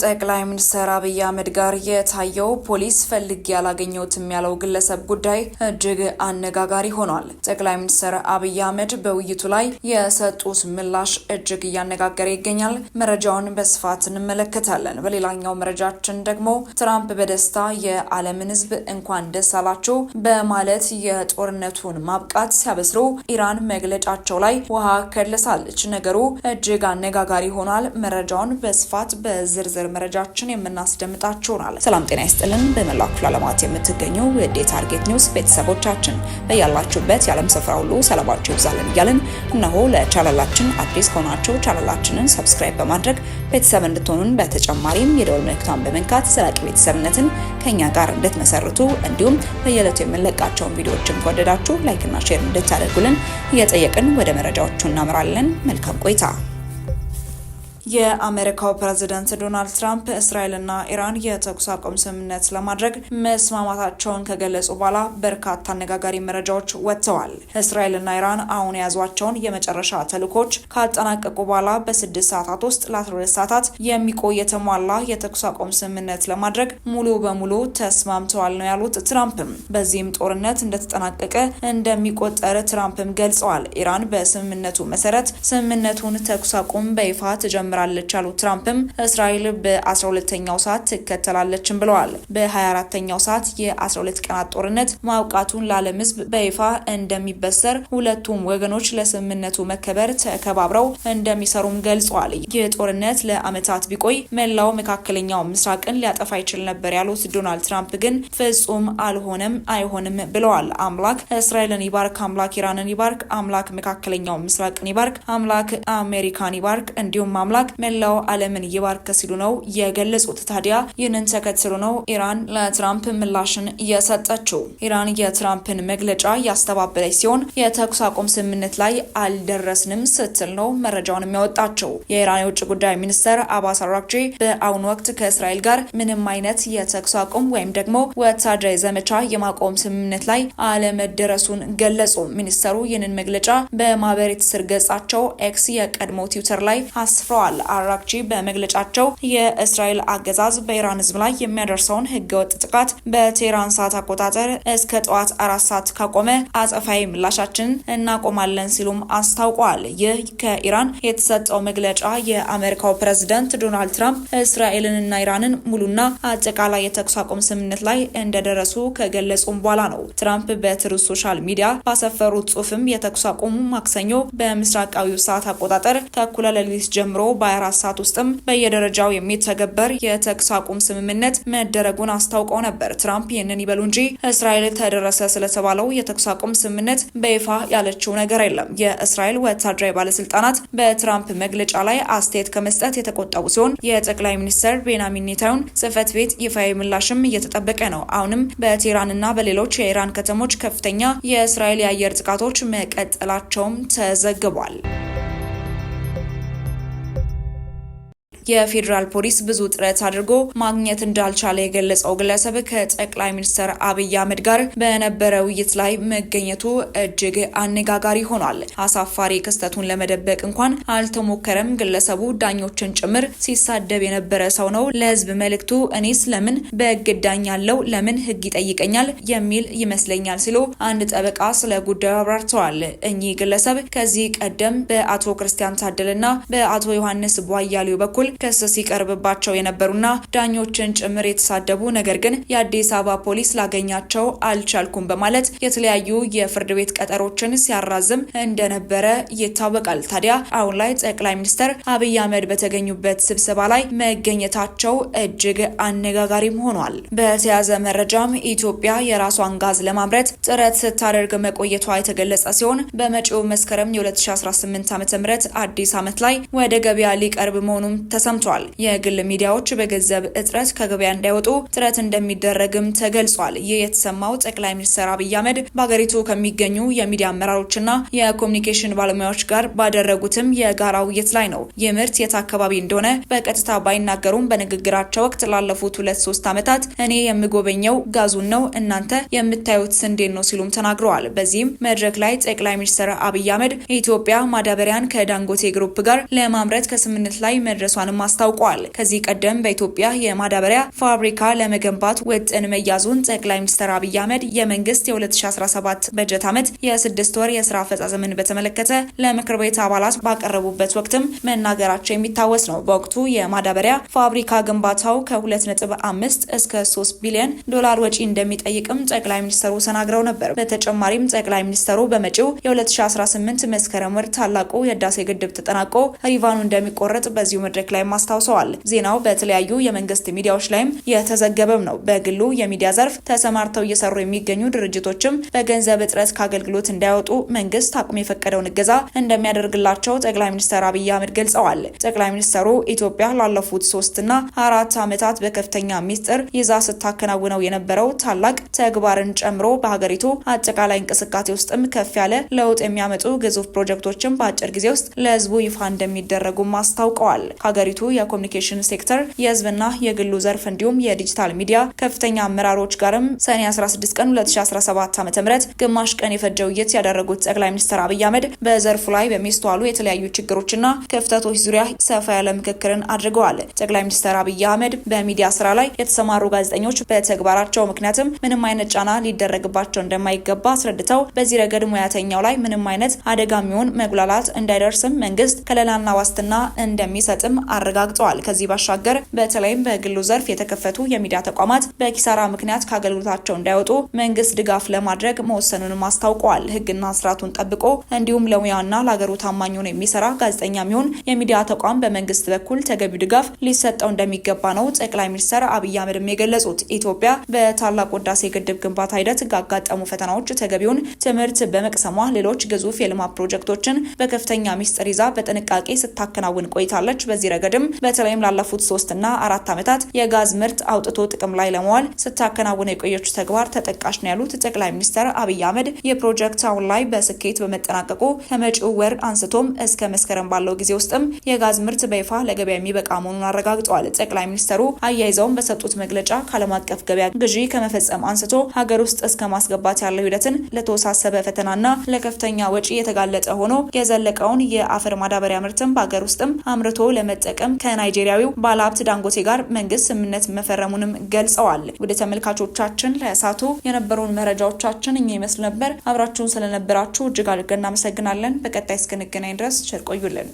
ከጠቅላይ ሚኒስትር አብይ አህመድ ጋር የታየው ፖሊስ ፈልጌ ያላገኘሁትም ያለው ግለሰብ ጉዳይ እጅግ አነጋጋሪ ሆኗል። ጠቅላይ ሚኒስትር አብይ አህመድ በውይይቱ ላይ የሰጡት ምላሽ እጅግ እያነጋገረ ይገኛል። መረጃውን በስፋት እንመለከታለን። በሌላኛው መረጃችን ደግሞ ትራምፕ በደስታ የዓለምን ሕዝብ እንኳን ደስ አላችሁ በማለት የጦርነቱን ማብቃት ሲያበስሩ ኢራን መግለጫቸው ላይ ውሃ ከልሳለች። ነገሩ እጅግ አነጋጋሪ ሆኗል። መረጃውን በስፋት በዝርዝር ዝርዝር መረጃችን የምናስደምጣችሁ ይሆናል። ሰላም ጤና ይስጥልን። በመላው ክፍለ ዓለማት የምትገኙ የዴ ታርጌት ኒውስ ቤተሰቦቻችን በያላችሁበት የዓለም ስፍራ ሁሉ ሰላማችሁ ይብዛልን እያልን እነሆ ለቻናላችን አዲስ ከሆናችሁ ቻናላችንን ሰብስክራይብ በማድረግ ቤተሰብ እንድትሆኑን በተጨማሪም የደወል ምልክቷን በመንካት ዘላቂ ቤተሰብነትን ከኛ ጋር እንድትመሰርቱ እንዲሁም በየዕለቱ የምንለቃቸውን ቪዲዮዎችን ከወደዳችሁ ላይክና ሼር እንድታደርጉልን እየጠየቅን ወደ መረጃዎቹ እናምራለን። መልካም ቆይታ የአሜሪካው ፕሬዝደንት ዶናልድ ትራምፕ እስራኤልና ኢራን የተኩስ አቁም ስምምነት ለማድረግ መስማማታቸውን ከገለጹ በኋላ በርካታ አነጋጋሪ መረጃዎች ወጥተዋል። እስራኤልና ኢራን አሁን የያዟቸውን የመጨረሻ ተልእኮች ካጠናቀቁ በኋላ በስድስት ሰዓታት ውስጥ ለ12 ሰዓታት የሚቆይ የተሟላ የተኩስ አቁም ስምምነት ለማድረግ ሙሉ በሙሉ ተስማምተዋል ነው ያሉት ትራምፕም። በዚህም ጦርነት እንደተጠናቀቀ እንደሚቆጠር ትራምፕም ገልጸዋል። ኢራን በስምምነቱ መሰረት ስምምነቱን ተኩስ አቁም በይፋ ተጀምረ ትጀምራለች ያሉት ትራምፕም እስራኤል በ12ኛው ሰዓት ትከተላለችም ብለዋል። በ24ኛው ሰዓት የ12 ቀናት ጦርነት ማብቃቱን ለዓለም ሕዝብ በይፋ እንደሚበሰር ሁለቱም ወገኖች ለስምምነቱ መከበር ተከባብረው እንደሚሰሩም ገልጸዋል። ይህ ጦርነት ለዓመታት ቢቆይ መላው መካከለኛው ምስራቅን ሊያጠፋ ይችል ነበር ያሉት ዶናልድ ትራምፕ ግን ፍጹም አልሆነም፣ አይሆንም ብለዋል። አምላክ እስራኤልን ይባርክ፣ አምላክ ኢራንን ይባርክ፣ አምላክ መካከለኛው ምስራቅን ይባርክ፣ አምላክ አሜሪካን ይባርክ፣ እንዲሁም አምላክ ኢራቅ መላው ዓለምን እየባረከ ሲሉ ነው የገለጹት። ታዲያ ይህንን ተከትሎ ነው ኢራን ለትራምፕ ምላሽን እየሰጠችው። ኢራን የትራምፕን መግለጫ ያስተባበለች ሲሆን የተኩስ አቁም ስምምነት ላይ አልደረስንም ስትል ነው መረጃውን የሚያወጣቸው። የኢራን የውጭ ጉዳይ ሚኒስትር አባስ አራክጂ በአሁኑ ወቅት ከእስራኤል ጋር ምንም አይነት የተኩስ አቁም ወይም ደግሞ ወታደራዊ ዘመቻ የማቆም ስምምነት ላይ አለመደረሱን ገለጹ። ሚኒስተሩ ይህንን መግለጫ በማህበራዊ ትስስር ገጻቸው ኤክስ የቀድሞ ትዊተር ላይ አስፍረዋል። ተናግረዋል። አራግቺ በመግለጫቸው የእስራኤል አገዛዝ በኢራን ህዝብ ላይ የሚያደርሰውን ህገወጥ ጥቃት በቴህራን ሰዓት አቆጣጠር እስከ ጠዋት አራት ሰዓት ካቆመ አጸፋዊ ምላሻችንን እናቆማለን ሲሉም አስታውቋል። ይህ ከኢራን የተሰጠው መግለጫ የአሜሪካው ፕሬዝደንት ዶናልድ ትራምፕ እስራኤልንና ኢራንን ሙሉና አጠቃላይ የተኩስ አቁም ስምምነት ላይ እንደደረሱ ከገለጹም በኋላ ነው። ትራምፕ በትሩዝ ሶሻል ሚዲያ ባሰፈሩት ጽሁፍም የተኩስ አቁሙ ማክሰኞ በምስራቃዊው ሰዓት አቆጣጠር ተኩለ ሌሊት ጀምሮ በ24 ሰዓት ውስጥም በየደረጃው የሚተገበር የተኩስ አቁም ስምምነት መደረጉን አስታውቀው ነበር። ትራምፕ ይህንን ይበሉ እንጂ እስራኤል ተደረሰ ስለተባለው የተኩስ አቁም ስምምነት በይፋ ያለችው ነገር የለም። የእስራኤል ወታደራዊ ባለስልጣናት በትራምፕ መግለጫ ላይ አስተያየት ከመስጠት የተቆጠቡ ሲሆን የጠቅላይ ሚኒስትር ቤንያሚን ኔታዩን ጽህፈት ቤት ይፋዊ ምላሽም እየተጠበቀ ነው። አሁንም በቴህራንና በሌሎች የኢራን ከተሞች ከፍተኛ የእስራኤል የአየር ጥቃቶች መቀጠላቸውም ተዘግቧል። የፌዴራል ፖሊስ ብዙ ጥረት አድርጎ ማግኘት እንዳልቻለ የገለጸው ግለሰብ ከጠቅላይ ሚኒስትር አብይ አህመድ ጋር በነበረ ውይይት ላይ መገኘቱ እጅግ አነጋጋሪ ሆኗል። አሳፋሪ ክስተቱን ለመደበቅ እንኳን አልተሞከረም። ግለሰቡ ዳኞችን ጭምር ሲሳደብ የነበረ ሰው ነው። ለህዝብ መልእክቱ እኔስ ለምን በህግ እዳኛለሁ ለምን ህግ ይጠይቀኛል የሚል ይመስለኛል ሲሉ አንድ ጠበቃ ስለ ጉዳዩ አብራርተዋል። እኚህ ግለሰብ ከዚህ ቀደም በአቶ ክርስቲያን ታደለና በአቶ ዮሐንስ ቧያሌው በኩል ክስ ሲቀርብባቸው የነበሩና ዳኞችን ጭምር የተሳደቡ ነገር ግን የአዲስ አበባ ፖሊስ ላገኛቸው አልቻልኩም በማለት የተለያዩ የፍርድ ቤት ቀጠሮችን ሲያራዝም እንደነበረ ይታወቃል። ታዲያ አሁን ላይ ጠቅላይ ሚኒስትር አብይ አህመድ በተገኙበት ስብሰባ ላይ መገኘታቸው እጅግ አነጋጋሪም ሆኗል። በተያዘ መረጃም ኢትዮጵያ የራሷን ጋዝ ለማምረት ጥረት ስታደርግ መቆየቷ የተገለጸ ሲሆን በመጪው መስከረም የ2018 ዓ.ም አዲስ ዓመት ላይ ወደ ገበያ ሊቀርብ መሆኑም ተሰ ተሰምቷል። የግል ሚዲያዎች በገንዘብ እጥረት ከገበያ እንዳይወጡ ጥረት እንደሚደረግም ተገልጿል። ይህ የተሰማው ጠቅላይ ሚኒስትር አብይ አህመድ በሀገሪቱ ከሚገኙ የሚዲያ አመራሮችና የኮሚኒኬሽን ባለሙያዎች ጋር ባደረጉትም የጋራ ውይይት ላይ ነው። ይህ ምርት የት አካባቢ እንደሆነ በቀጥታ ባይናገሩም በንግግራቸው ወቅት ላለፉት ሁለት ሶስት ዓመታት እኔ የምጎበኘው ጋዙን ነው፣ እናንተ የምታዩት ስንዴን ነው ሲሉም ተናግረዋል። በዚህም መድረክ ላይ ጠቅላይ ሚኒስትር አብይ አህመድ የኢትዮጵያ ማዳበሪያን ከዳንጎቴ ግሩፕ ጋር ለማምረት ከስምምነት ላይ መድረሷንም መሆኑንም አስታውቋል። ከዚህ ቀደም በኢትዮጵያ የማዳበሪያ ፋብሪካ ለመገንባት ውጥን መያዙን ጠቅላይ ሚኒስትር አብይ አህመድ የመንግስት የ2017 በጀት ዓመት የስድስት ወር የስራ አፈጻጸምን በተመለከተ ለምክር ቤት አባላት ባቀረቡበት ወቅትም መናገራቸው የሚታወስ ነው። በወቅቱ የማዳበሪያ ፋብሪካ ግንባታው ከ2.5 እስከ 3 ቢሊዮን ዶላር ወጪ እንደሚጠይቅም ጠቅላይ ሚኒስትሩ ተናግረው ነበር። በተጨማሪም ጠቅላይ ሚኒስትሩ በመጪው የ2018 መስከረም ወር ታላቁ የህዳሴ ግድብ ተጠናቆ ሪቫኑ እንደሚቆረጥ በዚሁ መድረክ ላይ ላይም አስታውሰዋል። ዜናው በተለያዩ የመንግስት ሚዲያዎች ላይም የተዘገበም ነው። በግሉ የሚዲያ ዘርፍ ተሰማርተው እየሰሩ የሚገኙ ድርጅቶችም በገንዘብ እጥረት ከአገልግሎት እንዳይወጡ መንግስት አቅም የፈቀደውን እገዛ እንደሚያደርግላቸው ጠቅላይ ሚኒስትር አብይ አህመድ ገልጸዋል። ጠቅላይ ሚኒስትሩ ኢትዮጵያ ላለፉት ሶስትና አራት ዓመታት በከፍተኛ ሚስጥር ይዛ ስታከናውነው የነበረው ታላቅ ተግባርን ጨምሮ በሀገሪቱ አጠቃላይ እንቅስቃሴ ውስጥም ከፍ ያለ ለውጥ የሚያመጡ ግዙፍ ፕሮጀክቶችን በአጭር ጊዜ ውስጥ ለህዝቡ ይፋ እንደሚደረጉም አስታውቀዋል። በሀገሪቱ የኮሚኒኬሽን ሴክተር የህዝብና የግሉ ዘርፍ እንዲሁም የዲጂታል ሚዲያ ከፍተኛ አመራሮች ጋርም ሰኔ 16 ቀን 2017 ዓ.ም ግማሽ ቀን የፈጀ ውይይት ያደረጉት ጠቅላይ ሚኒስትር አብይ አህመድ በዘርፉ ላይ በሚስተዋሉ የተለያዩ ችግሮችና ክፍተቶች ዙሪያ ሰፋ ያለ ምክክርን አድርገዋል። ጠቅላይ ሚኒስትር አብይ አህመድ በሚዲያ ስራ ላይ የተሰማሩ ጋዜጠኞች በተግባራቸው ምክንያትም ምንም አይነት ጫና ሊደረግባቸው እንደማይገባ አስረድተው በዚህ ረገድ ሙያተኛው ላይ ምንም አይነት አደጋ የሚሆን መጉላላት እንዳይደርስም መንግስት ከለላና ዋስትና እንደሚሰጥም አረጋግጠዋል። ከዚህ ባሻገር በተለይም በግሉ ዘርፍ የተከፈቱ የሚዲያ ተቋማት በኪሳራ ምክንያት ከአገልግሎታቸው እንዳይወጡ መንግስት ድጋፍ ለማድረግ መወሰኑንም አስታውቀዋል። ህግና ስርዓቱን ጠብቆ እንዲሁም ለሙያና ለሀገሩ ታማኝ ሆኖ የሚሰራ ጋዜጠኛ የሚሆን የሚዲያ ተቋም በመንግስት በኩል ተገቢው ድጋፍ ሊሰጠው እንደሚገባ ነው ጠቅላይ ሚኒስትር አብይ አህመድም የገለጹት። ኢትዮጵያ በታላቁ ህዳሴ ግድብ ግንባታ ሂደት ካጋጠሙ ፈተናዎች ተገቢውን ትምህርት በመቅሰሟ ሌሎች ግዙፍ የልማት ፕሮጀክቶችን በከፍተኛ ሚስጥር ይዛ በጥንቃቄ ስታከናውን ቆይታለች። በዚህ ረገድ ረገድም በተለይም ላለፉት ሶስትና አራት ዓመታት የጋዝ ምርት አውጥቶ ጥቅም ላይ ለመዋል ስታከናውን የቆየች ተግባር ተጠቃሽ ነው ያሉት ጠቅላይ ሚኒስትር አብይ አህመድ የፕሮጀክት አሁን ላይ በስኬት በመጠናቀቁ ከመጪው ወር አንስቶም እስከ መስከረም ባለው ጊዜ ውስጥም የጋዝ ምርት በይፋ ለገበያ የሚበቃ መሆኑን አረጋግጠዋል። ጠቅላይ ሚኒስትሩ አያይዘውም በሰጡት መግለጫ ከዓለም አቀፍ ገበያ ግዢ ከመፈጸም አንስቶ ሀገር ውስጥ እስከ ማስገባት ያለው ሂደትን ለተወሳሰበ ፈተናና ለከፍተኛ ወጪ የተጋለጠ ሆኖ የዘለቀውን የአፈር ማዳበሪያ ምርትም በሀገር ውስጥም አምርቶ ለመጠቀም ለመጠቀም ከናይጄሪያዊው ባለሀብት ዳንጎቴ ጋር መንግስት ስምምነት መፈረሙንም ገልጸዋል። ወደ ተመልካቾቻችን ለእሳቱ የነበሩን መረጃዎቻችን እኛ ይመስል ነበር። አብራችሁን ስለነበራችሁ እጅግ አድርገን እናመሰግናለን። በቀጣይ እስክንገናኝ ድረስ ቸር ቆዩልን።